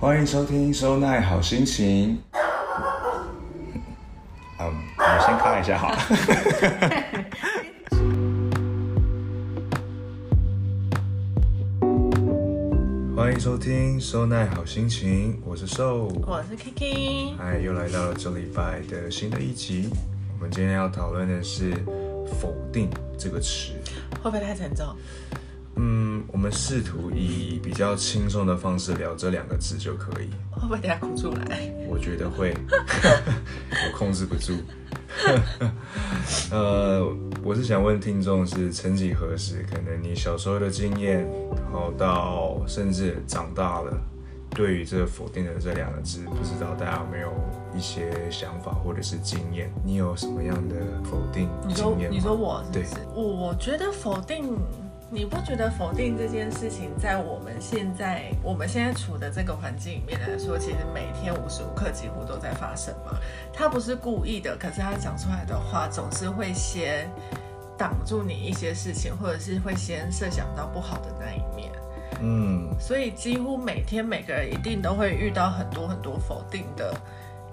歡迎收聽 Soul Night 好心情。嗯、um，我先看一下哈。 歡迎收聽 Soul Night 好心情，我是 Soul，我是 Kiki，哎，Hi, 又來到了這禮拜的新的一集。我們今天要討論的是否定這個詞，會不會太沉重？嗯。我們試圖以比較輕鬆的方式聊這兩個字就可以，會不會等下哭出來？我覺得會，我控制不住。呃，我是想問聽眾是：曾幾何時，可能你小時候的經驗，好，到甚至長大了，對於這個否定的這兩個字，不知道大家有沒有一些想法或者是經驗？你有什麼樣的否定經驗嗎？你說我，對，我覺得否定。你不覺得否定這件事情，在我們現在我們現在處的這個環境裡面來說，其實每天無時無刻幾乎都在發生嗎？他不是故意的，可是他講出來的話，總是會先擋住你一些事情，或者是會先設想到不好的那一面。嗯，嗯，所以幾乎每天每個人一定都會遇到很多很多否定的。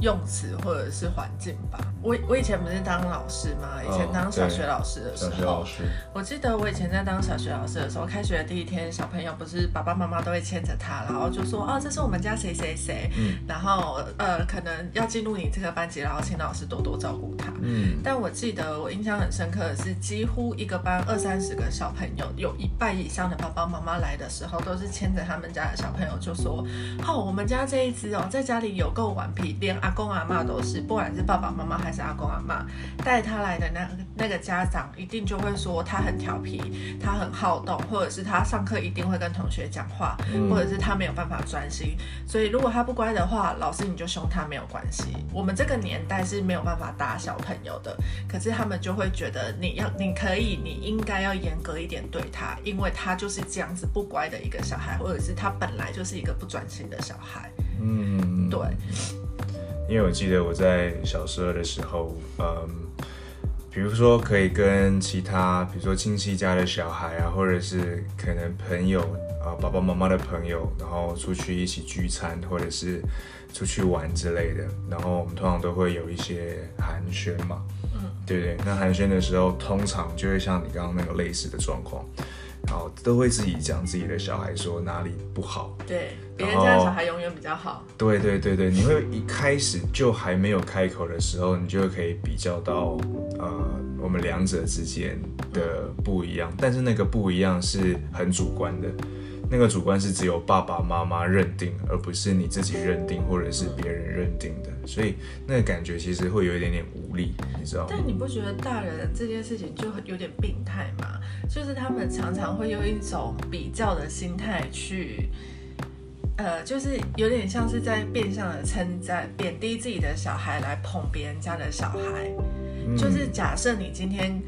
用詞或者是環境吧，我我以前不是當老師嗎？以前當小學老師的時候，oh, 我記得我以前在當小學老師的時候，開學的第一天，小朋友不是爸爸媽媽都會牽着他，然後就說哦，這是我們家誰誰誰，嗯、然後呃，可能要進入你這個班級，然後請老師多多照顧他。嗯，但我記得我印象很深刻的是，幾乎一個班二三十個小朋友，有一半以上的爸爸媽媽來的時候，都是牽着他們家的小朋友，就說哦，我們家這一隻哦，在家裡有夠頑皮，連阿公阿媽都是，不管是爸爸媽媽還是阿公阿媽帶他來的那那個家長，一定就會說他很調皮，他很好動，或者是他上課一定會跟同學講話，或者是他沒有辦法專心。所以如果他不乖的話，老師你就凶他沒有關係。我們這個年代是沒有辦法打小朋友的，可是他們就會覺得你要你可以你應該要嚴格一點對他，因為他就是這樣子不乖的一個小孩，或者是他本來就是一個不專心的小孩。嗯，對。因為我記得我在小時候的時候，嗯，比如說可以跟其他，比如說親戚家的小孩啊，或者是可能朋友啊，爸爸媽媽的朋友，然後出去一起聚餐，或者是出去玩之類的，然後我們通常都會有一些寒暄嘛，嗯、對不對，對？那寒暄的時候，通常就會像你剛剛那個類似的狀況。好，都會自己講自己的小孩，說哪裡不好。對，然後，別人家的小孩永遠比較好。對對對對，你會一開始就還沒有開口的時候，你就可以比較到，呃，我們兩者之間的不一樣。但是那個不一樣是很主觀的。那個主觀是只有爸爸媽媽認定，而不是你自己認定，或者是別人認定的，所以那個感覺其實會有一點點無力，你知道嗎？但你不覺得大人這件事情就有點病態嗎？就是他們常常會用一種比較的心態去，呃，就是有點像是在變相的稱讚、貶低自己的小孩，來捧別人家的小孩。就是假設你今天。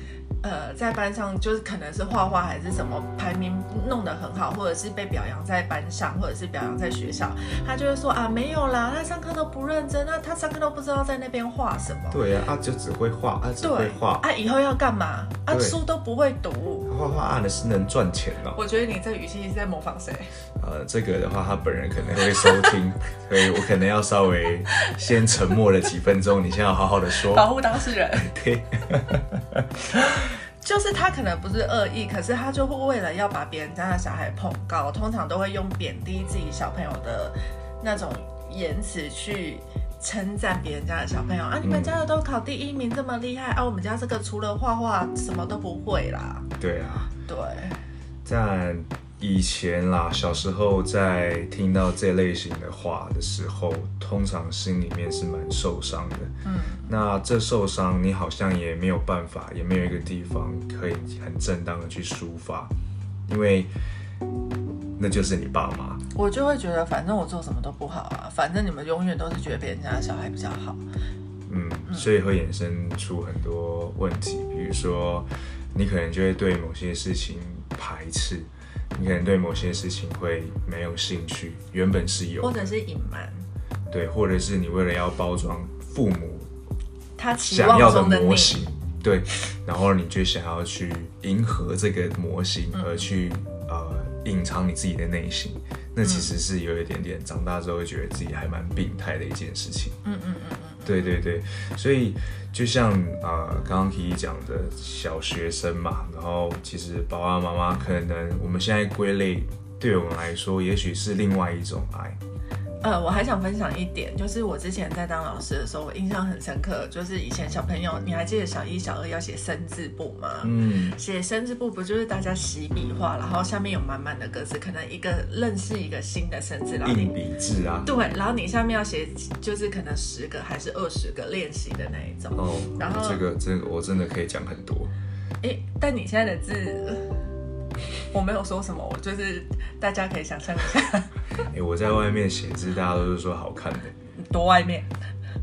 呃，在班上就是可能是畫畫還是什麼排名弄得很好，或者是被表揚在班上，或者是表揚在學校，他就會說啊，沒有啦，他上課都不認真，那他，他上課都不知道在那邊畫什麼。對呀、啊，他、啊、就只會畫，啊，對只會畫，啊，以後要幹嘛？對啊，書都不會讀。畫畫啊，的是能賺錢哦、喔。我覺得你這語氣一直在模仿誰？呃，這個的話，他本人可能會收聽， 所以我可能要稍微先沉默了幾分鐘， 你先要好好的說。保護當事人。對。 就是他可能不是惡意，可是他就會為了要把別人家的小孩捧高，通常都會用貶低自己小朋友的那種言辭去稱讚別人家的小朋友啊！你們家的都考第一名，這麼厲害，嗯、啊！我們家這個除了畫畫什麼都不會啦。對啊，對，在。以前啦，小時候在聽到這類型的話的時候，通常心裡面是蠻受傷的。嗯，那這受傷你好像也沒有辦法，也沒有一個地方可以很正當的去抒發，因為那就是你爸媽。我就會覺得，反正我做什麼都不好啊，反正你們永遠都是覺得別人家的小孩比較好。嗯，所以會衍生出很多問題，比如說你可能就會對某些事情排斥。你可能對某些事情會沒有興趣，原本是有，或者是隱瞞，對，或者是你為了要包裝父母他想要的模型， 對，然後你就想要去迎合這個模型，而去、嗯、呃、隱藏你自己的內心，那其實是有一點點長大之後會覺得自己還蠻病態的一件事情。嗯嗯嗯。對對對，所以就像呃剛剛 Kiki 講的小學生嘛，然後其實爸爸媽媽可能，我們現在歸類，對我們來說，也許是另外一種愛。呃，我還想分享一點，就是我之前在當老師的時候，我印象很深刻，就是以前小朋友，你還記得小一、小二要寫生字簿嗎？嗯，寫生字簿不就是大家寫筆畫，嗯、然後下面有滿滿的格子，可能一個認識一個新的生字，然後你硬筆字啊，對，然後你下面要寫，就是可能十個還是二十個練習的那一種。哦，然後這個這個我真的可以講很多。哎、欸，但你現在的字，我沒有說什麼，我就是大家可以想象一下。 欸，我在外面寫字，大家都是說好看的。多外面，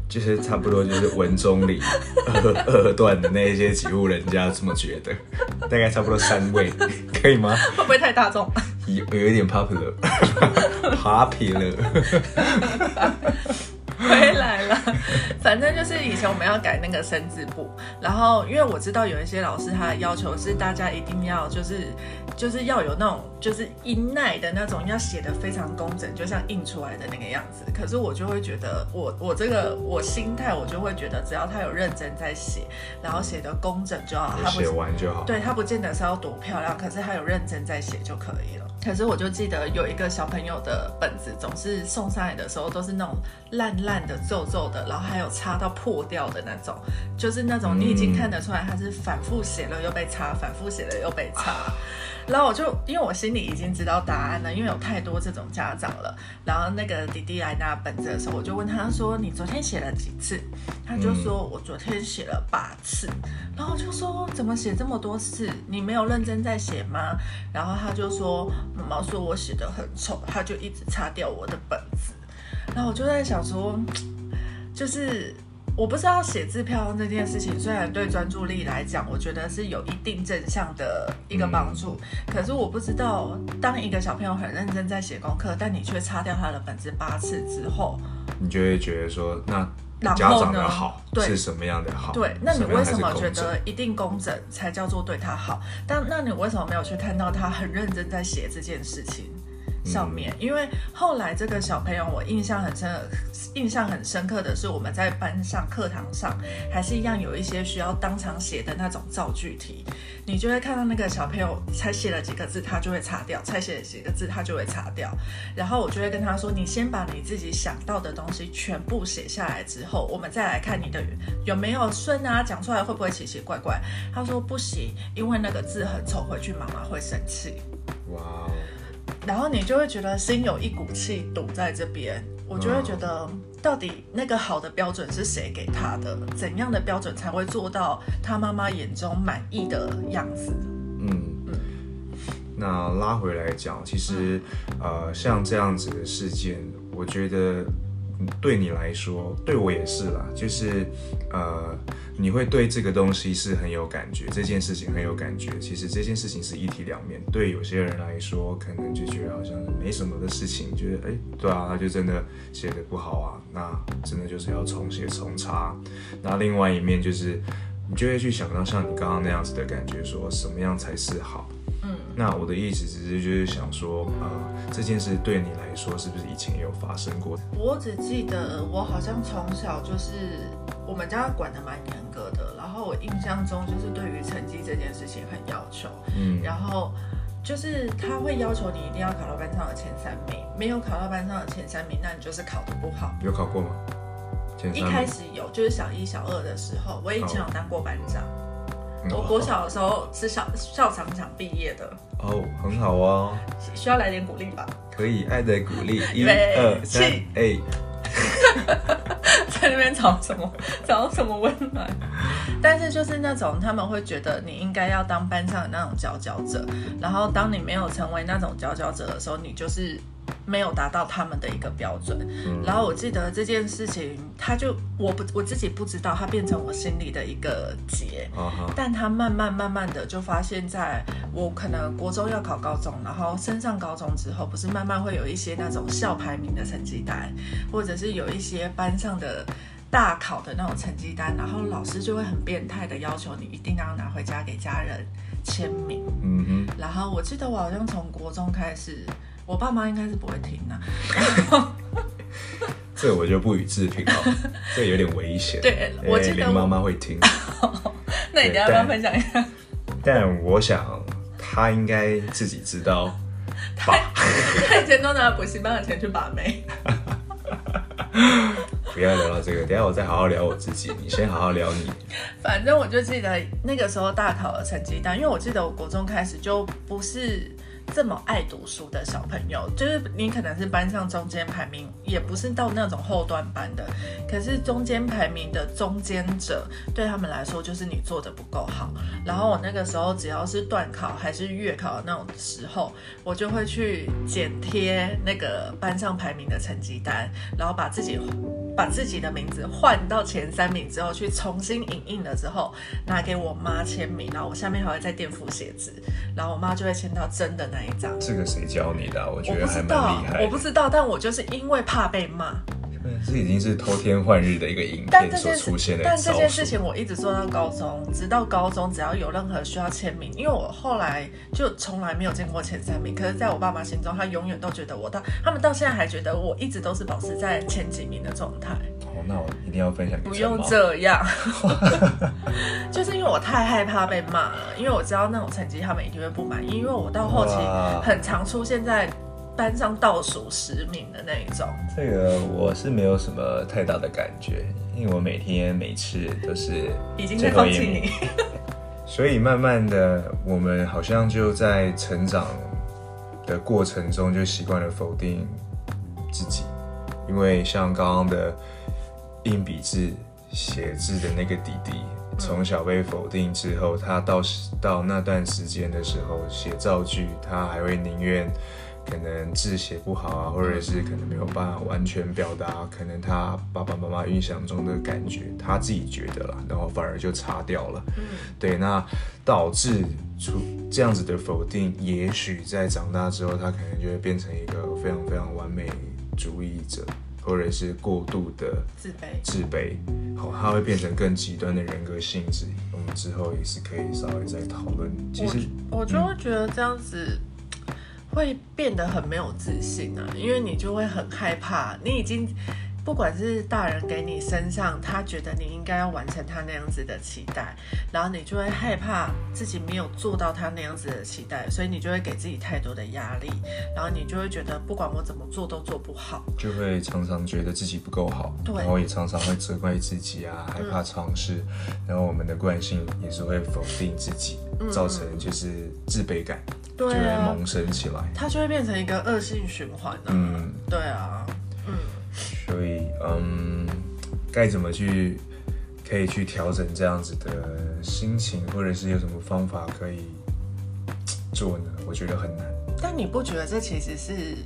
就是差不多就是文中裡 二二段的那一些幾戶人家這麼覺得，大概差不多三位，可以嗎？會不會太大眾？有有一點 popular，popular popular。 回來了，反正就是以前我們要改那個生字簿，然後因為我知道有一些老師他的要求是大家一定要就是就是要有那種就是陰耐的那種，要寫的非常工整，就像印出來的那個樣子。可是我就會覺得我我這個我心態我就會覺得只要他有認真在寫，然後寫的工整就好，他不寫完就好，對，他不見得是要多漂亮，可是他有認真在寫就可以了。可是我就記得有一個小朋友的本子總是送上來的時候都是那種爛爛的，的、皺皺的，然後還有擦到破掉的那種，就是那種你已經看得出來它是反覆寫了又被擦，反覆寫了又被擦。然後我就因為我心裡已經知道答案了，因為有太多這種家長了。然後那個弟弟來拿本子的時候，我就問他說：“嗯、你昨天寫了幾次？”他就說我昨天寫了八次。然後我就說：“怎麼寫這麼多次？你沒有認真在寫嗎？”然後他就說：“媽媽說我寫的很醜，他就一直擦掉我的本子。”那我就在想說，就是我不知道寫字漂亮這件事情，雖然對專注力來講，我覺得是有一定正向的一個幫助，嗯、可是我不知道，當一個小朋友很認真在寫功課，但你卻擦掉他的本子八次之後，你就會覺得說，那家長的好是什麼樣的好？對，對，那你為什麼覺得一定工整才叫做對他好？但那你為什麼沒有去看到他很認真在寫這件事情？上面。因為後來這個小朋友我印象很深，印象很深刻的是我們在班上課堂上還是一樣有一些需要當場寫的那種造句題，你就會看到那個小朋友才寫了幾個字，他就會擦掉，才寫了幾個字，他就會擦掉，然後我就會跟他說，你先把你自己想到的東西全部寫下來之後，我們再來看你的有沒有順啊，講出來會不會奇奇怪怪。他說不行，因為那個字很醜，回去媽媽會生氣。哇。Wow. 然後你就會覺得心有一股氣堵在這邊，我就會覺得到底那個好的標準是誰給他的？怎樣的標準才會做到他媽媽眼中滿意的樣子？嗯嗯，那拉回來講，其實，嗯，呃，像這樣子的事件，我覺得。對你來說，對我也是啦。就是，呃，你會對這個東西是很有感覺，這件事情很有感覺。其實這件事情是一體兩面，對有些人來說，可能就覺得好像沒什麼的事情，覺得哎，對啊，他就真的寫得不好啊，那真的就是要重寫重查。那另外一面就是，你就會去想到像你剛剛那樣子的感覺說，說什麼樣才是好。那我的意思只是就是想說，呃，這件事對你來說是不是以前有發生過？我只記得我好像從小就是我們家管得蠻嚴格的，然後我印象中就是對於成績這件事情很要求，嗯，然後就是他會要求你一定要考到班上的前三名，沒有考到班上的前三名，那你就是考得不好。有考過嗎？前三名？一開始有，就是小一、小二的時候，我以前有當過班長。我國小的時候是校校長想畢業的哦，很好哦，需要來點鼓勵吧？可以，愛的鼓勵，一二七三，哎， 在那邊找什麼？找什麼溫暖？但是就是那種他們會覺得你應該要當班上的那種佼佼者，然後當你沒有成為那種佼佼者的時候，你就是。沒有達到他們的一個標準，嗯、然後我記得這件事情，他就我不我自己不知道，它變成我心裡的一個結。哦、哈但他慢慢慢慢的就發現在，在我可能國中要考高中，然後升上高中之後，不是慢慢會有一些那種校排名的成績單，或者是有一些班上的大考的那種成績單，然後老師就會很變態的要求你一定要拿回家給家人簽名。嗯哼然後我記得我好像從國中開始。我爸媽應該是不會聽的、啊， 這個我就不予置評了，這有點危險。對，我記得媽媽、欸、會聽， 那你等一下要對但分享一下。但我想他應該自己知道吧？ 他以前都拿補習班的錢去把妹。 不要聊到這個，等下我再好好聊我自己，你先好好聊你。反正我就記得那個時候大考的成績單，但因為我記得我國中開始就不是。這麼愛讀書的小朋友，就是你可能是班上中間排名，也不是到那種後段班的，可是中間排名的中間者，對他們來說就是你做得不夠好。然後我那個時候只要是段考還是月考的那種時候，我就會去剪貼那個班上排名的成績單，然後把自己。把自己的名字換到前三名之後，去重新影印了之後，拿給我媽簽名，然後我下面還會再墊複寫紙，然後我媽就會簽到真的那一張。這個誰教你的啊？我覺得我不知道還，蠻厲害，我不知道，但我就是因為怕被罵。嗯、這已經是偷天換日的一個影片，所出現的，但，招數。但這件事情我一直做到高中，直到高中只要有任何需要簽名，因為我後來就從來沒有見過前三名。可是在我爸媽心中，他永遠都覺得我到他們到現在還覺得我一直都是保持在前幾名的狀態。好、哦、那我一定要分享給你，不用這樣， 就是因為我太害怕被罵了，因為我知道那種成績他們一定會不滿意，因為我到後期很常出現在。班上倒數十名的那一種，這個我是沒有什麼太大的感覺，因為我每天每次都是 已經在放棄你， 所以慢慢的我們好像就在成長的過程中就習慣了否定自己，因為像剛剛的硬筆字寫字的那個弟弟，從、嗯、小被否定之後，他到到那段時間的時候寫造句，他還會寧願。可能字寫不好啊，或者是可能沒有辦法完全表達，可能他爸爸媽媽印象中的感覺，他自己覺得啦，然後反而就擦掉了。嗯，對，那導致出這樣子的否定，也許在長大之後，他可能就會變成一個非常非常完美主義者，或者是過度的自卑，自卑，好，他會變成更極端的人格性質。我們之後也是可以稍微再討論。其實我，我就會覺得這樣子。會變得很沒有自信啊，因為你就會很害怕，你已經。不管是大人給你身上，他覺得你應該要完成他那樣子的期待，然後你就會害怕自己沒有做到他那樣子的期待，所以你就會給自己太多的壓力，然後你就會覺得不管我怎麼做都做不好，就會常常覺得自己不夠好，對，然後也常常會責怪自己啊，對，害怕嘗試，嗯，然後我們的慣性也是會否定自己，嗯，造成就是自卑感，對，啊，就會萌生起來，它就會變成一個惡性循環啊，嗯，對啊。嗯，該怎麼去可以去調整這樣子的心情，或者是有什麼方法可以做呢？我覺得很難。但你不覺得這其實是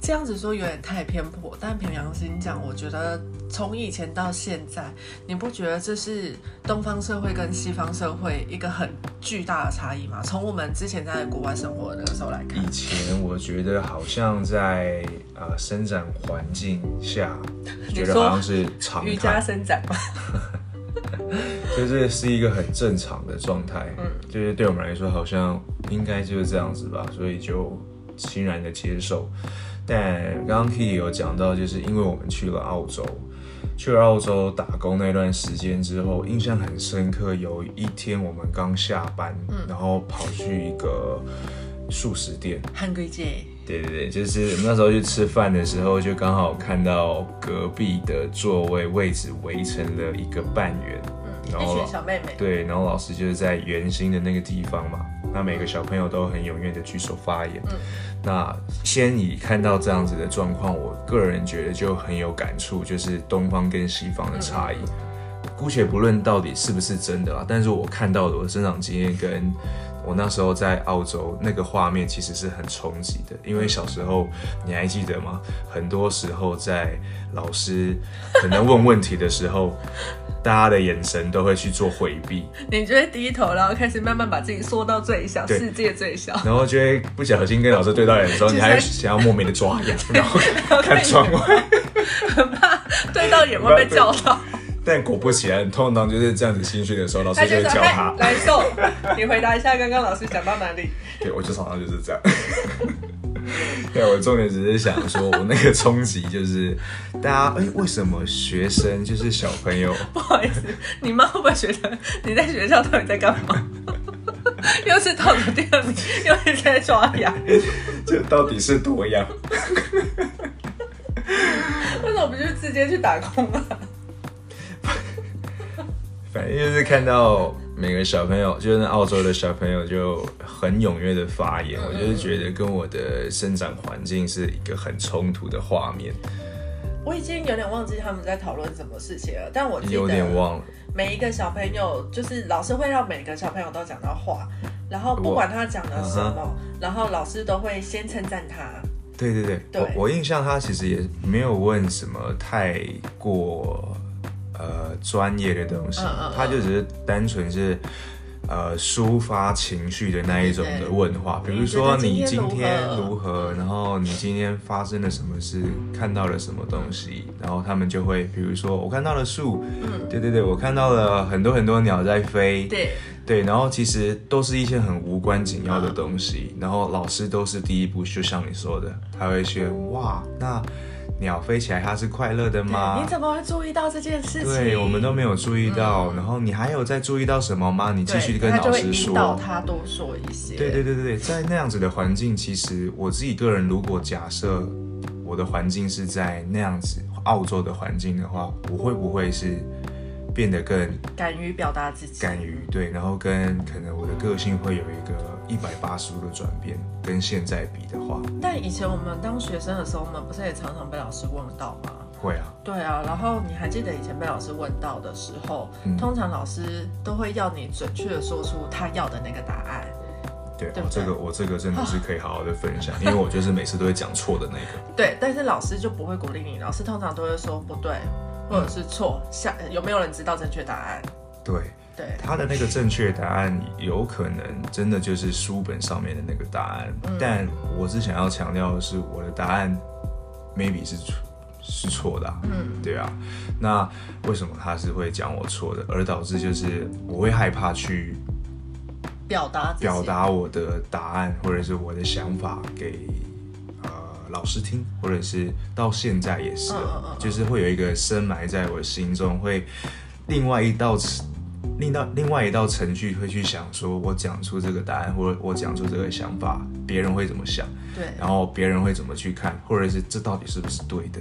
這樣子說有點太偏頗，但憑良心講，我覺得。從以前到現在，你不覺得這是東方社會跟西方社會一個很巨大的差異嗎？從我們之前在國外生活的時候來看，以前我覺得好像在呃生長環境下，說覺得好像是長瑜伽生長，所以這是一個很正常的狀態。嗯，就是對我們來說好像應該就是這樣子吧，所以就欣然的接受。但剛剛 k i 有講到，就是因為我們去了澳洲。去澳洲打工那段時間之後，印象很深刻。有一天我們剛下班，嗯、然後跑去一個素食店 Hungry J。對對對，就是那時候去吃飯的時候，嗯、就剛好看到隔壁的座位位置圍成了一個半圓，嗯，然後一群小妹妹。對，然後老師就是在圓心的那個地方嘛。那每個小朋友都很踴躍的舉手發言。嗯、那先你看到這樣子的狀況，我個人覺得就很有感觸，就是東方跟西方的差異。嗯、姑且不論到底是不是真的啦，但是我看到的我的生長經驗跟。我那時候在澳洲，那個畫面其實是很衝擊的，因為小時候你還記得嗎？很多時候在老師可能問問題的時候， 大家的眼神都會去做回避，你就會低頭，然後開始慢慢把自己縮到最小，對世界最小，然後就會不小心跟老師對到眼的時候， 是在 你還想要莫名的抓癢，然後， 然後看窗外， 很怕對到眼會被叫到。 但果不其然，通常就是這樣子心虛的時候，老師就會教他。來受， 你回答一下剛剛老師講到哪裡？對，okay, 我就常常就是這樣。對， 我重點只是想說，我那個衝擊就是大家，哎、欸，為什麼學生就是小朋友？不好意思，你媽會不會覺得你在學校到底在幹嘛？ 又是倒數第二名，又在刷牙？這 到底是多樣？ 為什麼不就直接去打工啊？ 反正就是看到每個小朋友，就是澳洲的小朋友就很踴躍的發言，嗯、我就是覺得跟我的生長環境是一個很衝突的畫面。我已經有點忘記他們在討論什麼事情了，但我有點忘了。每一個小朋友就是老師會讓每個小朋友都講到話，然後不管他講了什麼，我然後老師都會先稱讚他。對對對，對我我印象他其實也沒有問什麼太過。呃，專業的東西，他、uh, uh, uh, 就只是單純是呃抒發情緒的那一種的問話，對對對，比如說你今天如何？對對對，今天如何，然後你今天發生了什麼事，嗯、看到了什麼東西，然後他們就會，比如說我看到了樹，嗯、對對對，我看到了很多很多鳥在飛，對對，然後其實都是一些很無關緊要的東西，嗯啊、然後老師都是第一步，就像你說的，他會說哇，那。鳥飛起來，它是快樂的嗎？你怎麼會注意到這件事情？對，我們都沒有注意到。嗯，然後你還有在注意到什麼嗎？你繼續跟老師說。引導他，他多說一些。對對對對對，在那樣子的環境，其實我自己個人，如果假設我的環境是在那樣子澳洲的環境的話，我會不會是變得更敢於表達自己？敢於，對，然後跟可能我的個性會有一個。一百八十度的轉變，跟現在比的話，但以前我們當學生的時候，我們不是也常常被老師問到嗎？會啊，對啊。然後你還記得以前被老師問到的時候，嗯、通常老師都會要你準確的說出他要的那個答案。對，對，對，哦，這個我這個真的是可以好好的分享，哦、因為我就是每次都會講錯的那個。 對，但是老師就不會鼓勵你，老師通常都會說不對，或者是錯。嗯、下有沒有人知道正確答案？對。對他的那個正確答案有可能真的就是書本上面的那個答案，嗯，但我是想要強調的是，我的答案 maybe 是是錯的，啊，嗯，對啊，那為什麼他是會講我錯的，而導致就是我會害怕去表達表達我的答案或者是我的想法給呃老師聽，或者是到現在也是，啊啊啊啊就是會有一個深埋在我心中，會另外一道。另到另外一道程序會去想，說我講出這個答案或者我講出這個想法，別人會怎麼想？對。然後別人會怎麼去看，或者是這到底是不是對的？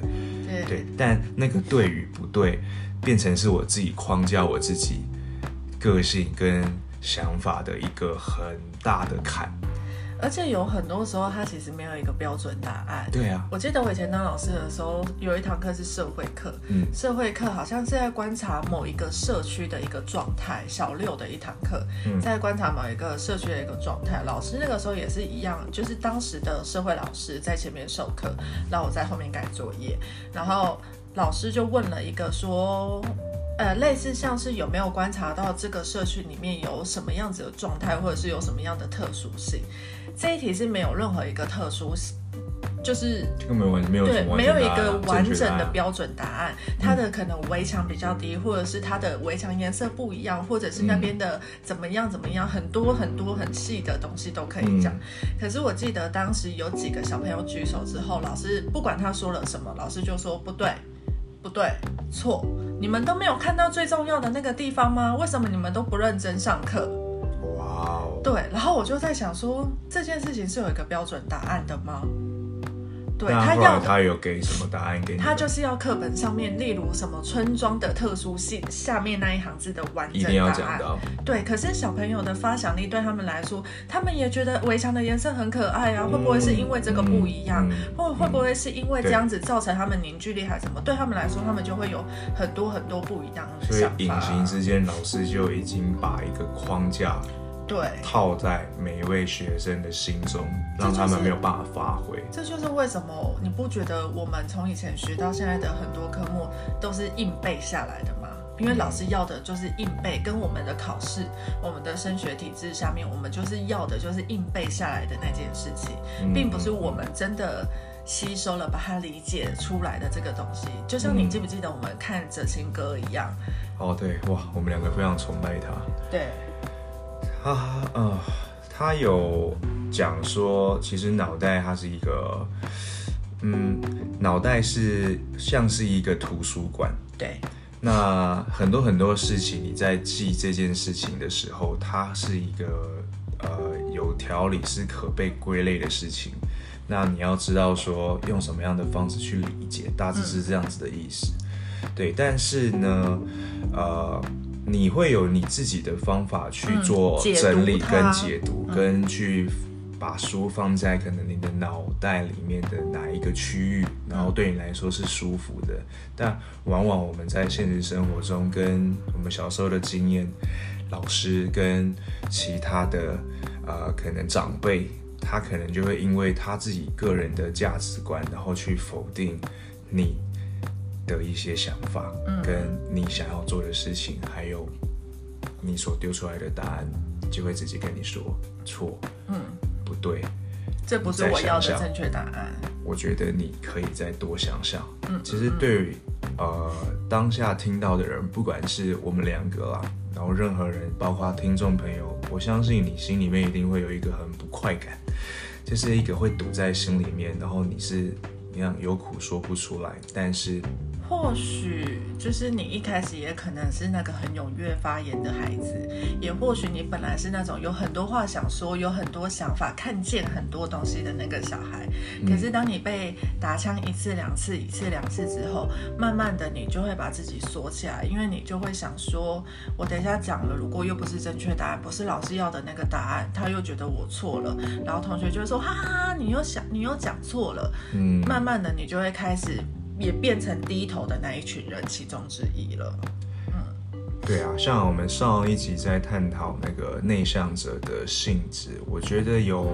對。對。但那個對與不對，變成是我自己框架、我自己個性跟想法的一個很大的坎。而且有很多時候，他其實沒有一個標準答案。對啊，我記得我以前當老師的時候，有一堂課是社會課。嗯，社會課好像是在觀察某一個社區的一個狀態，小六的一堂課，在觀察某一個社區的一個狀態。老師那個時候也是一樣，就是當時的社會老師在前面授課，那我在後面改作業。然後老師就問了一個說，呃，類似像是有沒有觀察到這個社區裡面有什麼樣子的狀態，或者是有什麼樣的特殊性？這一題是沒有任何一個特殊，就是這個沒有完沒有對沒有一個完整的標準答案。它的可能圍牆比較低，或者是它的圍牆顏色不一樣，或者是那邊的怎麼樣怎麼樣，很多很多很細的東西都可以講。可是我記得當時有幾個小朋友舉手之後，老師不管他說了什麼，老師就說不對，不對，錯。你們都沒有看到最重要的那個地方嗎？為什麼你們都不認真上課？對，然後我就在想說，這件事情是有一個標準答案的嗎？對，他要，他有給什麼答案給你？他就是要課本上面，例如什麼村莊的特殊性下面那一行字的完整答案。對，可是小朋友的發想力對他們來說，他們也覺得圍牆的顏色很可愛啊，嗯、會不會是因為這個不一樣？嗯、或會不會是因為這樣子造成他們凝聚力還是什麼？對他們來說，他們就會有很多很多不一樣的想法，啊。所以隱形之間，老師就已經把一個框架。對，套在每一位學生的心中，讓他們沒有辦法發揮。這就是、這就是為什麼你不覺得我們從以前學到現在的很多科目都是硬背下來的嗎？因為老師要的就是硬背，嗯、跟我們的考試、我們的升學體制下面，我們就是要的就是硬背下來的那件事情，嗯、並不是我們真的吸收了、把它理解出來的這個東西。嗯、就像你記不記得我們看《哲新歌》一樣？哦，對，哇，我們兩個非常崇拜他。對。他、啊呃、他有講說，其實腦袋它是一個，嗯，腦袋是像是一個圖書館。對。那很多很多事情，你在記這件事情的時候，它是一個呃有條理、是可被歸類的事情。那你要知道說，用什麼樣的方式去理解，大致是這樣子的意思。嗯、對，但是呢，呃。你會有你自己的方法去做整理跟解讀，嗯、解讀跟去把書放在可能你的腦袋裡面的哪一個區域，然後對你來說是舒服的。但往往我們在現實生活中，跟我們小時候的經驗、老師跟其他的呃可能長輩，他可能就會因為他自己個人的價值觀，然後去否定你。的一些想法，嗯，跟你想要做的事情，嗯、還有你所丟出來的答案，就會直接跟你說錯，嗯，不對，這不是我要的正確答案。再想想。我覺得你可以再多想想，嗯，其實對於、嗯、呃當下聽到的人，不管是我們兩個啊，然後任何人，包括聽眾朋友，我相信你心裡面一定會有一個很不快感，就是一個會堵在心裡面，然後你是一樣有苦說不出來，但是。或許就是你一開始也可能是那個很踴躍發言的孩子，也或許你本來是那種有很多話想說、有很多想法、看見很多東西的那個小孩。嗯，可是當你被打槍一次兩次、一次兩次之後，慢慢的你就會把自己鎖起來，因為你就會想說：我等一下講了，如果又不是正確答案，不是老師要的那個答案，他又覺得我錯了，然後同學就會說：哈哈，你又想，你又講錯了。嗯，慢慢的你就會開始。也變成低頭的那一群人其中之一了。嗯、對啊，像我們上一集在探討那個內向者的性質，我覺得有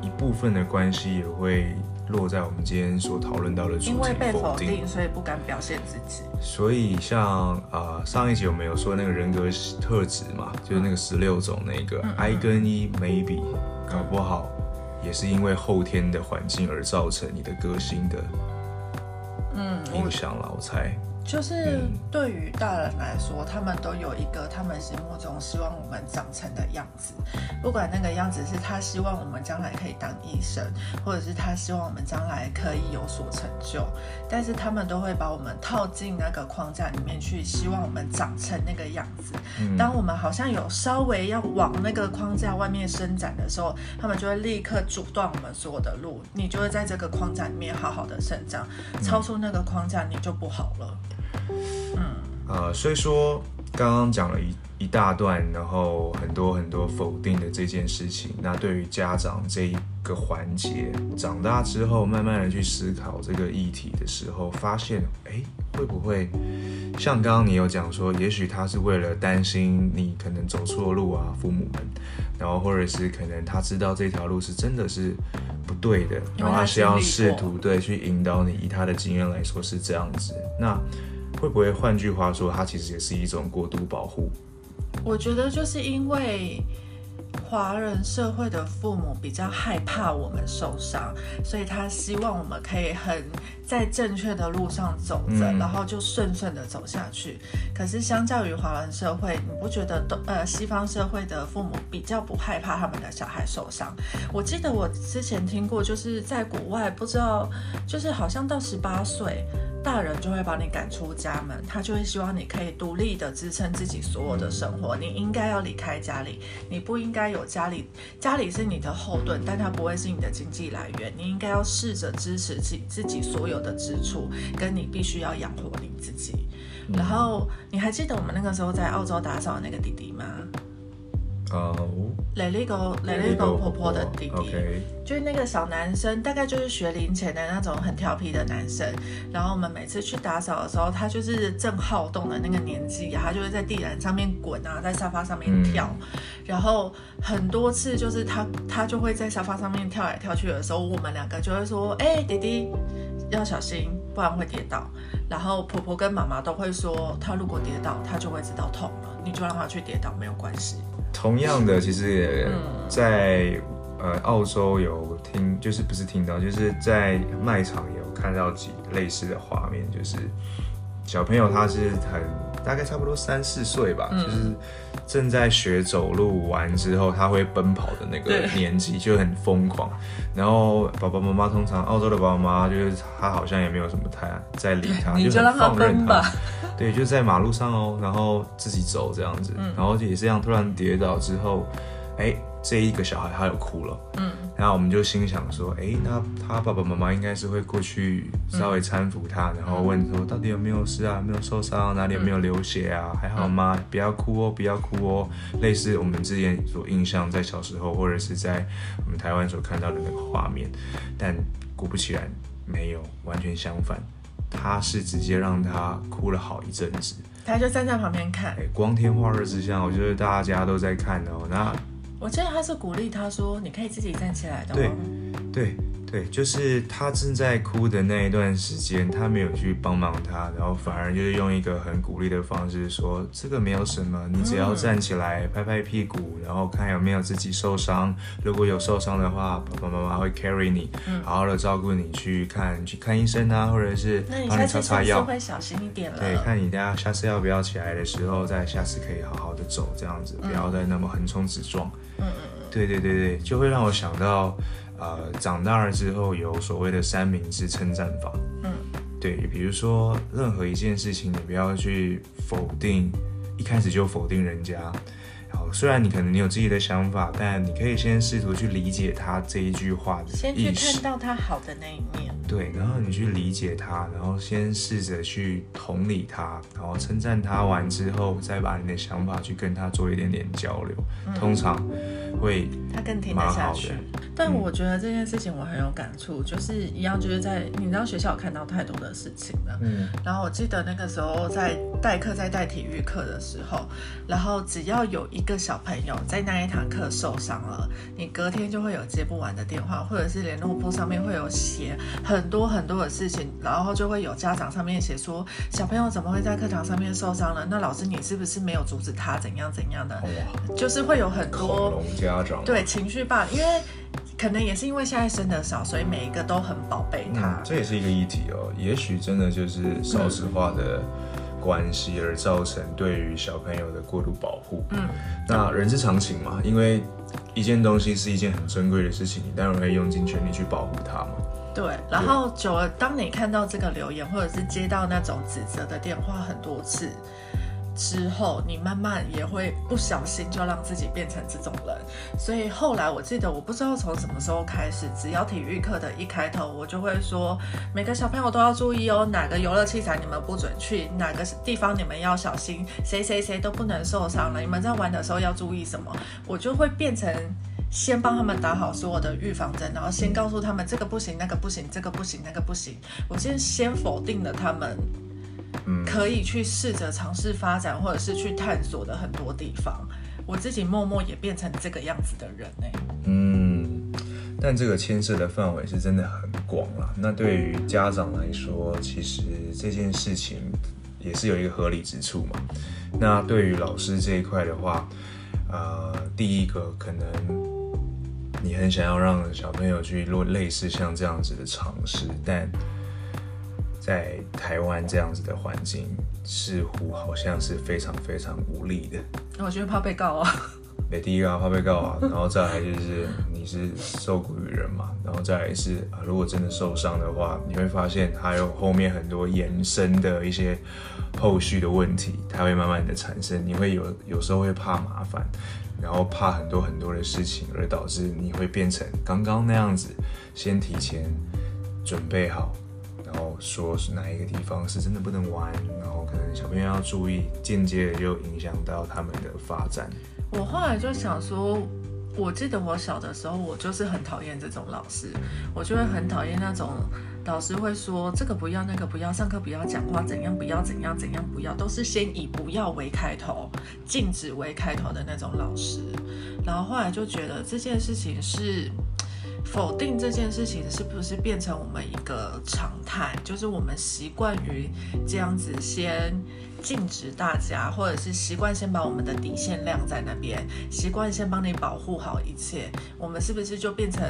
一部分的關係也會落在我們今天所討論到的主題。因為被否定，嗯、所以不敢表現自己。所以像、呃、上一集我們有說那個人格特質嘛，就是那個十六種那個嗯嗯 I 跟 E Maybe，搞不好也是因為後天的環境而造成你的個性的。嗯，影響了，我猜。就是對於大人來說，他們都有一個他們心目中希望我們長成的樣子，不管那個樣子是他希望我們將來可以當醫生，或者是他希望我們將來可以有所成就，但是他們都會把我們套進那個框架裡面去，希望我們長成那個樣子。當我們好像有稍微要往那個框架外面伸展的時候，他們就會立刻阻斷我們所有的路，你就會在這個框架裡面好好的生長，超出那個框架你就不好了。嗯，呃，所以說剛剛講了一一大段，然後很多很多否定的這件事情。那對於家長這一個環節，長大之後慢慢的去思考這個議題的時候，發現，哎，會不會像剛剛你有講說，也許他是為了擔心你可能走錯路啊，父母們，然後或者是可能他知道這條路是真的是不對的，然後他是要試圖對去引導你，以他的經驗來說是這樣子，那。會不會？換句話說，它其實也是一種過度保護。我覺得就是因為華人社會的父母比較害怕我們受傷，所以他希望我們可以很在正確的路上走着，然後就順順的走下去。嗯。可是相較於華人社會，你不覺得東呃西方社會的父母比較不害怕他們的小孩受傷？我記得我之前聽過，就是在國外，不知道就是好像到十八歲。大人就會把你趕出家門，他就會希望你可以獨立的支撐自己所有的生活。你應該要離開家裡，你不應該有家裡，家裡是你的後盾，但它不會是你的經濟來源。你應該要試着支持自己、自己所有的支出，跟你必須要養活你自己。然後你還記得我們那個時候在澳洲打掃的那個弟弟嗎？哦，oh, 雷力哥，雷力哥婆，婆婆的弟弟，Okay. 就是那個小男生，大概就是學齡前的那種很調皮的男生。然後我們每次去打掃的時候，他就是正好動的那個年紀，啊，他就會在地毯上，上面滾啊，在沙發上面跳。嗯、然後很多次就是他他就會在沙發上面跳來跳去的時候，我們兩個就會說：“哎、欸，弟弟要小心，不然會跌倒。”然後婆婆跟媽媽都會說：“他如果跌倒，他就會知道痛了，你就讓他去跌倒沒有關係。”同樣的，其實在，在呃澳洲有聽，就是不是聽到，就是在賣場也有看到幾類似的畫面，就是小朋友他是很。大概差不多三四歲吧，嗯、就是正在學走路完之後，他會奔跑的那個年紀對就很瘋狂。然後爸爸媽媽，通常澳洲的爸爸媽媽，就是他好像也沒有什麼太在理他，就，他就很放任他。吧對，就是在馬路上哦，然後自己走這樣子，嗯、然後也是這樣突然跌倒之後，哎、欸。這一個小孩，他有哭了，嗯，然後我們就心想說，哎，那他爸爸媽媽應該是會過去稍微攙扶他，嗯、然後問說，到底有沒有事啊？有沒有受傷、啊？哪裡有沒有流血啊？嗯、還好嗎？不要哭哦，不要哭哦，類似我們之前所印象在小時候或者是在我們台灣所看到的那個畫面，但果不其然，沒有，完全相反，他是直接讓他哭了好一陣子，他就站在旁邊看誒，光天化日之下，我覺得大家都在看哦，那。我覺得他是鼓勵他說：“你可以自己站起來的。”對對。對，就是他正在哭的那一段時間，他沒有去幫忙他，然後反而就是用一個很鼓勵的方式說：“這個沒有什麼，你只要站起來拍拍屁股，然後看有沒有自己受傷。如果有受傷的話，爸爸媽媽會 carry 你，好好的照顧你，去看去看醫生啊，或者是幫你擦擦藥，會小心一點了。對，看你等下下次要不要起來的時候，再下次可以好好的走，這樣子不要再那麼橫衝直撞。嗯對對對對，就會讓我想到。”呃，長大了之後有所謂的三明治稱讚法。嗯，對，比如說任何一件事情，你不要去否定，一開始就否定人家。然後雖然你可能你有自己的想法，但你可以先試圖去理解他這一句話的意思，先去看到他好的那一面。對，然後你去理解他，然後先試着去同理他，然後稱讚他完之後，再把你的想法去跟他做一點點交流，嗯、通常會他更聽得下去。但我覺得這件事情我很有感觸，嗯、就是一樣就是在你知道學校有看到太多的事情了。嗯，然後我記得那個時候在代課，在代體育課的時候，然後只要有一個小朋友在那一堂課受傷了，你隔天就會有接不完的電話，或者是聯絡簿上面會有寫很。很多很多的事情，然後就會有家長上面寫說：“小朋友怎麼會在課堂上面受傷了？”嗯、那老師，你是不是沒有阻止他？怎樣怎樣的？哦、哇就是會有很多家長對情緒吧，因為可能也是因為現在生得少，所以每一個都很寶貝他、嗯。這也是一個議題哦。也許真的就是少子化的關係，而造成對於小朋友的過度保護。嗯，那人之常情嘛，因為一件東西是一件很珍貴的事情，你當然可以用盡全力去保護它嘛。對，然後久了，當你看到這個留言，或者是接到那種指責的電話很多次之後，你慢慢也會不小心就讓自己變成這種人。所以後來我記得，我不知道從什麼時候開始，只要體育課的一開頭，我就會說每個小朋友都要注意哦，哪個遊樂器材你們不准去，哪個地方你們要小心，誰誰誰都不能受傷了，你們在玩的時候要注意什麼，我就會變成。先幫他們打好所有的預防針，然後先告訴他們這個不行，嗯、那個不行，這個不行，那個不行。我先先否定了他們可以去試着嘗試發展、嗯、或者是去探索的很多地方。我自己默默也變成這個樣子的人哎、嗯，但這個牽涉的範圍是真的很廣了、啊。那對於家長來說，其實這件事情也是有一個合理之處嘛。那對於老師這一塊的話，呃，第一個可能。你很想要讓小朋友去做類似像這樣子的嘗試，但在台灣這樣子的環境，似乎好像是非常非常無力的。那我就會怕被告啊，沒第一個怕被告啊，然後再來就是你是受僱於人嘛，然後再來是如果真的受傷的話，你會發現還有後面很多延伸的一些後續的問題，它會慢慢的產生，你會有有時候會怕麻煩。然後怕很多很多的事情，而導致你會變成剛剛那樣子。先提前準備好，然後說是哪一個地方是真的不能玩，然後可能小朋友要注意，間接的就影響到他們的發展。我後來就想說，我記得我小的時候，我就是很討厭這種老師，我就會很討厭那種。老師會說這個不要，那個不要，上課不要講話，怎樣不要，怎樣怎樣不要，都是先以不要為開頭，禁止為開頭的那種老師。然後後來就覺得這件事情是否定這件事情，是不是變成我們一個常態？就是我們習慣於這樣子先。禁止大家，或者是習慣先把我們的底線晾在那邊，習慣先幫你保護好一切，我們是不是就變成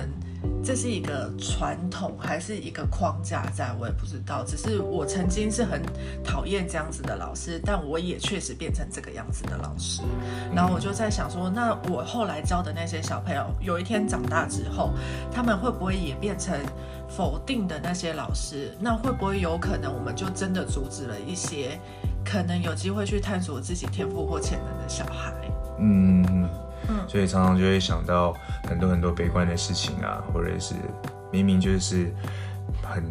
這是一個傳統，還是一個框架在，在我也不知道。只是我曾經是很討厭這樣子的老師，但我也確實變成這個樣子的老師。然後我就在想說，那我後來教的那些小朋友，有一天長大之後，他們會不會也變成否定的那些老師？那會不會有可能，我們就真的阻止了一些？可能有機會去探索自己天賦或潛能的小孩，嗯，所以常常就會想到很多很多悲觀的事情啊，或者是明明就是很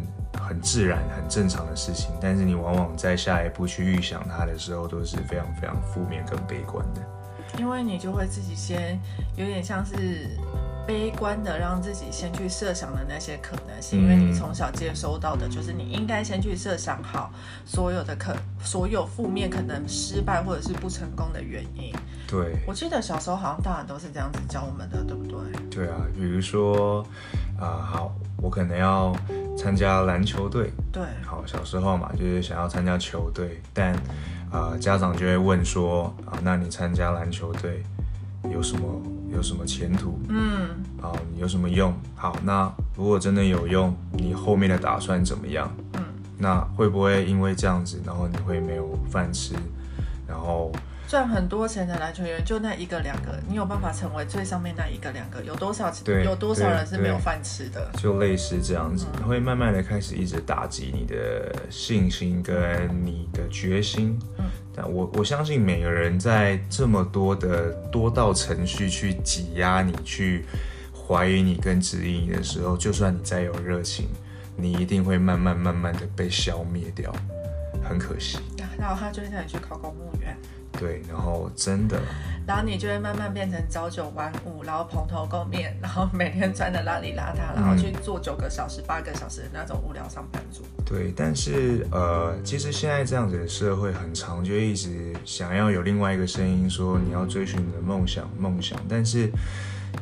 很自然、很正常的事情，但是你往往在下一步去預想它的時候，都是非常非常負面跟悲觀的，因為你就會自己先有點像是。悲觀的讓自己先去設想的那些可能性，嗯、因為你從小接收到的就是你應該先去設想好所有的可所有負面可能失敗或者是不成功的原因。對，我記得小時候好像大人都是這樣子教我們的，對不對？對啊，比如說啊、呃，好，我可能要參加籃球隊。對，好，小時候嘛，就是想要參加球隊，但啊、呃，家長就會問說啊、呃，那你參加籃球隊？有什麼有什麼前途？嗯，好、啊，有什麼用？好，那如果真的有用，你後面的打算怎麼樣？嗯，那會不會因為這樣子，然後你會沒有飯吃？然後賺很多錢的籃球員就那一個兩個，你有辦法成為最上面那一個兩個？有多少對有多少人是沒有飯吃的？就類似這樣子，嗯、會慢慢的開始一直打擊你的信心跟你的決心。嗯嗯但我我相信每個人在這麼多的多道程序去擠壓你、去懷疑你、跟指引你的時候，就算你再有熱情，你一定會慢慢慢慢的被消滅掉，很可惜。然後他就是想去考公務員。對，然後真的，然後你就會慢慢變成朝九晚五，然後蓬頭垢面，然後每天穿著邋裡邋遢，然後，然後去做九個小時、八個小時的那種無聊上班族。對，但是呃，其實現在這樣子的社會，很常就一直想要有另外一個聲音說，你要追尋你的夢想，夢想。但是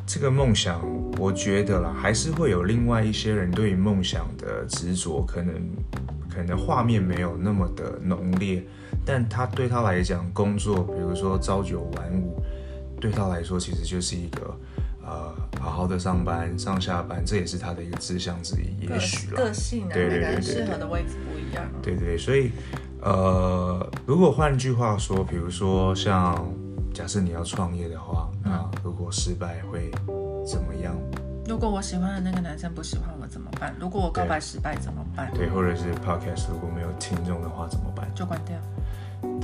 這個夢想，我覺得啦，還是會有另外一些人對於夢想的執着，可能，可能畫面沒有那麼的濃烈。但他對他來講，工作，比如說朝九晚五，對他來說其實就是一個，呃、好好的上班上下班，這也是他的一個志向之一，各也許個性啊，每個人適合的位置不一樣。對對，所以，呃，如果換句話說，比如說像假設你要創業的話，嗯、那如果失敗會怎麼樣？如果我喜歡的那個男生不喜歡我怎麼辦？如果我告白失敗怎麼辦？對，對，或者是 podcast 如果沒有聽眾的話怎麼辦？就關掉。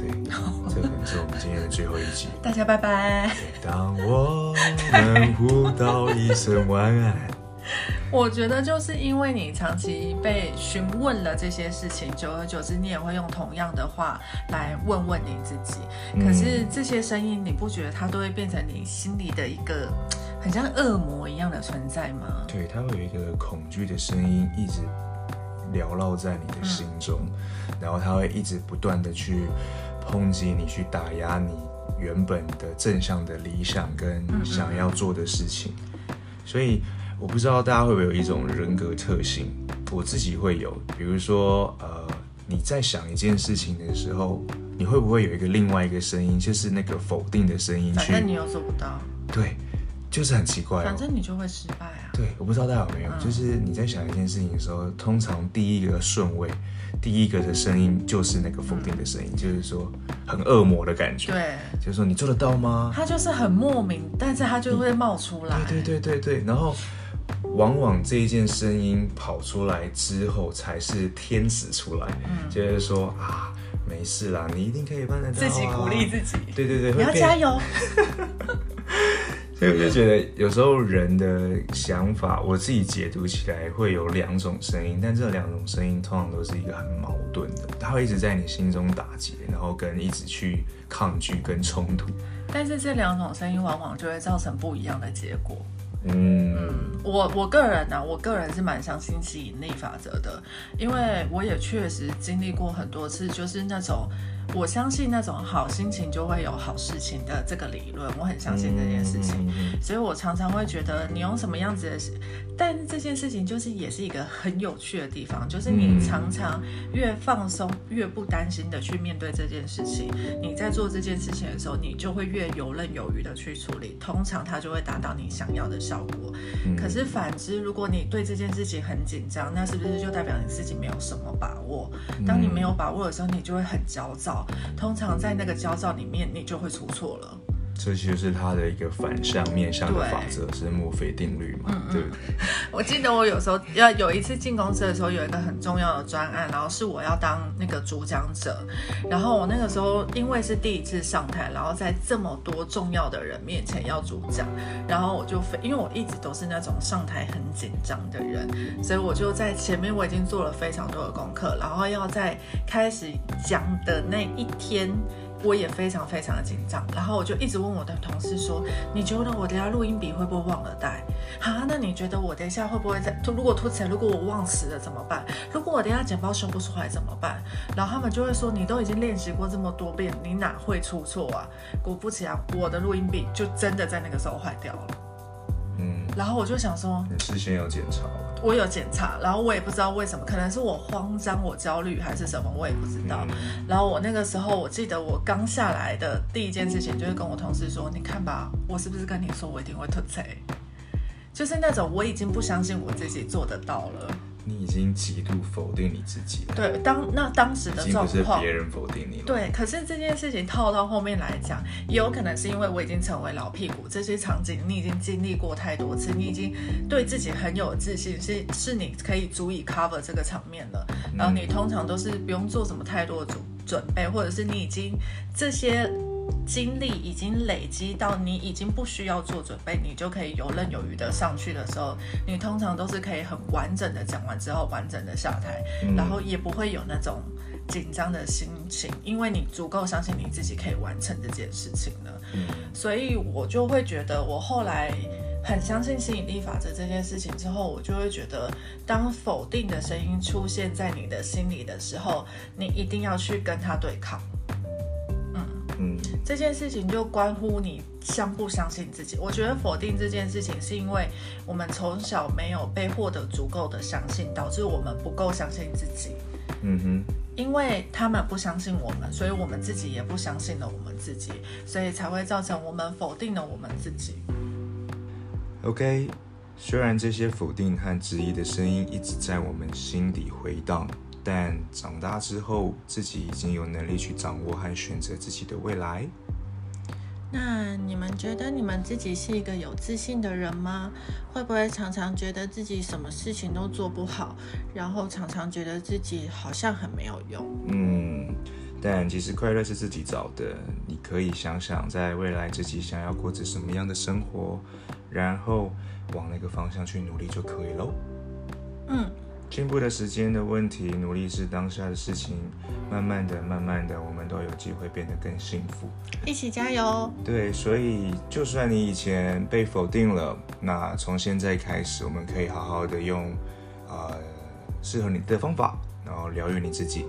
這可能是我們今天的最後一集，大家拜拜。當我們互道一聲晚安，太多 我覺得就是因為你長期被詢問了這些事情，久而久之，你也會用同樣的話來問問你自己。可是這些聲音，你不覺得它都會變成你心裡的一個很像惡魔一樣的存在嗎？對，它會有一個恐懼的聲音一直繚繞在你的心中，嗯、然後它會一直不斷的去。抨擊你，去打壓你原本的正向的理想跟想要做的事情，所以我不知道大家會不會有一種人格特性，我自己會有，比如說，呃，你在想一件事情的時候，你會不會有一個另外一個聲音，就是那個否定的聲音？反正你又做不到。對。就是很奇怪，哦，反正你就會失敗啊。對，我不知道大家有沒有，嗯、就是你在想一件事情的時候，通常第一個順位，第一個的聲音就是那個否定的聲音，就是說很惡魔的感覺。對，嗯，就是說你做得到嗎？它就是很莫名，但是它就會冒出來。嗯、對對對對對，然後往往這一件聲音跑出來之後，才是天使出來，嗯、就是說啊，沒事啦，你一定可以辦得到，啊。自己鼓勵自己。對對對，你要加油。 所以我就覺得，有時候人的想法，我自己解讀起來會有兩種聲音，但這兩種聲音通常都是一個很矛盾的，它會一直在你心中打結，然後跟一直去抗拒跟衝突。但是這兩種聲音往往就會造成不一樣的結果。嗯嗯，我我個人呢、啊，我個人是蠻相信吸引力法則的，因為我也確實經歷過很多次，就是那種。我相信那種好心情就會有好事情的這個理論，我很相信這件事情。嗯，所以我常常會覺得你用什麼樣子的。但這件事情就是也是一個很有趣的地方，就是你常常越放鬆越不擔心的去面對這件事情，你在做這件事情的時候，你就會越遊刃有餘的去處理，通常它就會達到你想要的效果。可是反之，如果你對這件事情很緊張，那是不是就代表你自己沒有什麼把握？當你沒有把握的時候，你就會很焦躁，通常在那個焦躁裡面，你就會出錯了。這就是他的一個反向面向的法則，對是墨菲定律嘛，嗯嗯，對不對？我記得我有時候要有一次進公司的時候，有一個很重要的專案，然後是我要當那個主講者。然後我那個時候因為是第一次上台，然後在這麼多重要的人面前要主講，然後我就非因為我一直都是那種上台很緊張的人，所以我就在前面我已經做了非常多的功課，然後要在開始講的那一天。我也非常非常的緊張，然後我就一直問我的同事說：“你覺得我等下錄音筆會不會忘了帶？好、啊，那你覺得我等一下會不會在吐？如果吐起來，如果我忘詞了怎麼辦？如果我等一下簡報秀不出來怎麼辦？”然後他們就會說：“你都已經練習過這麼多遍，你哪會出錯啊？”果不其然，我的錄音筆就真的在那個時候壞掉了。嗯，然後我就想說，你事先要檢查。我有檢查，然後我也不知道為什麼，可能是我慌張、我焦慮還是什麼，我也不知道。嗯、然後我那個時候，我記得我剛下來的第一件事情就是跟我同事說：“你看吧，我是不是跟你說我一定會脫水？”就是那種我已經不相信我自己做得到了。你已經極度否定你自己了。對，當那當時的狀況，是別人否定你了。對，可是這件事情套到後面來講，也有可能是因為我已經成為老屁股，這些場景你已經經歷過太多次，你已經對自己很有自信，是是你可以足以 cover 這個場面了。嗯。然後你通常都是不用做什麼太多的準準備，或者是你已經這些，經歷已經累積到你已經不需要做準備，你就可以游刃有餘的上去的時候，你通常都是可以很完整的講完之後，完整的下台，嗯、然後也不會有那種緊張的心情，因為你足夠相信你自己可以完成這件事情了。嗯、所以，我就會覺得，我後來很相信吸引力法則這件事情之後，我就會覺得，當否定的聲音出現在你的心裡的時候，你一定要去跟他對抗。嗯，這件事情就關乎你相不相信自己。我覺得否定這件事情，是因為我們從小沒有被獲得足夠的相信，導致我們不夠相信自己。嗯哼，因為他們不相信我們，所以我們自己也不相信了我們自己，所以才會造成我們否定了我們自己。OK，雖然這些否定和質疑的聲音一直在我們心底迴盪。但長大之後，自己已經有能力去掌握和選擇自己的未來。那你們覺得你們自己是一個有自信的人嗎？會不會常常覺得自己什麼事情都做不好，然後常常覺得自己好像很沒有用？嗯，但其實快樂是自己找的。你可以想想，在未來自己想要過着什麼樣的生活，然後往那個方向去努力就可以嘍。嗯。進步是時間的問題，努力是當下的事情。慢慢的，慢慢的，我們都有機會變得更幸福。一起加油！對，所以就算你以前被否定了，那從現在開始，我們可以好好的用呃適合你的方法，然後療癒你自己，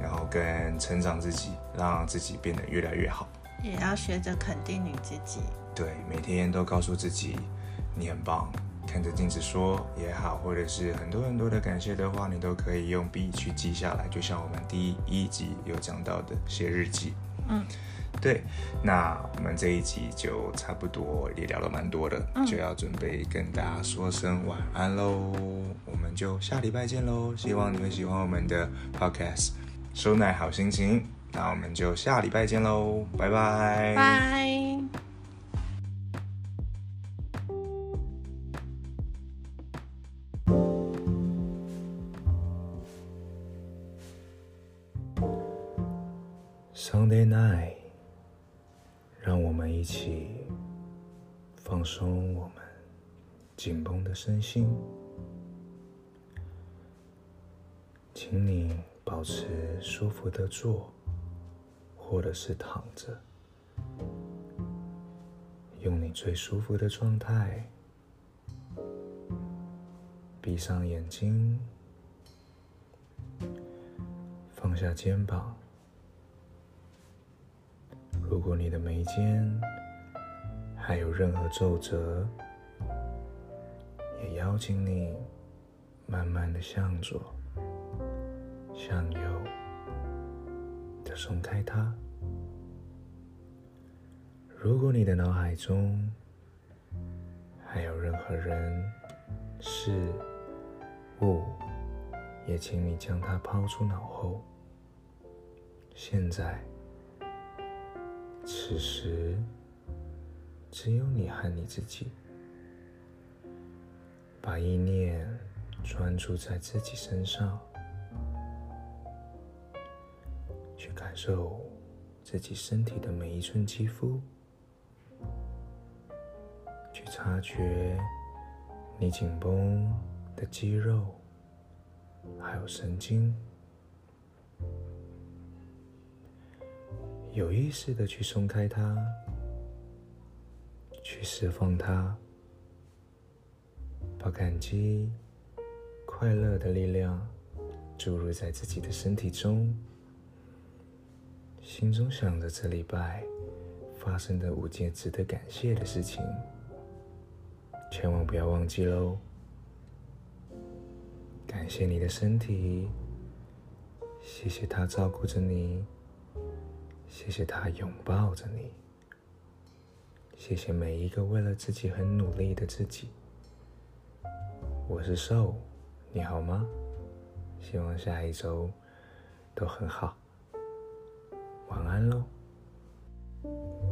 然後跟成長自己，讓自己變得越來越好。也要學着肯定你自己。對，每天都告訴自己，你很棒。看着鏡子說也好，或者是很多很多的感謝的話，你都可以用筆去記下來。就像我們第一集有講到的寫日記。嗯，對。那我們這一集就差不多也聊了蠻多的，就要準備跟大家說聲晚安嘍。嗯。我們就下禮拜見嘍，希望你們喜歡我們的 Podcast，SOUL NIGHT 好心情。那我們就下禮拜見嘍，拜拜。拜。身心，請你保持舒服的坐，或者是躺着，用你最舒服的狀態，閉上眼睛，放下肩膀。如果你的眉間還有任何皺褶，也邀請你慢慢的向左、向右的鬆開它。如果你的腦海中還有任何人、事物，也請你將它拋出腦後。現在，此時，只有你和你自己。把意念專注在自己身上，去感受自己身體的每一寸肌膚，去察覺你緊繃的肌肉，還有神經，有意識的去鬆開它，去釋放它。把感激、快樂的力量注入在自己的身體中，心中想着這禮拜發生的五件值得感謝的事情，千萬不要忘記嘍！感謝你的身體，謝謝他照顧着你，謝謝他擁抱着你，謝謝每一個為了自己很努力的自己。我是 Soul，你好嗎？希望下一周都很好。晚安嘍。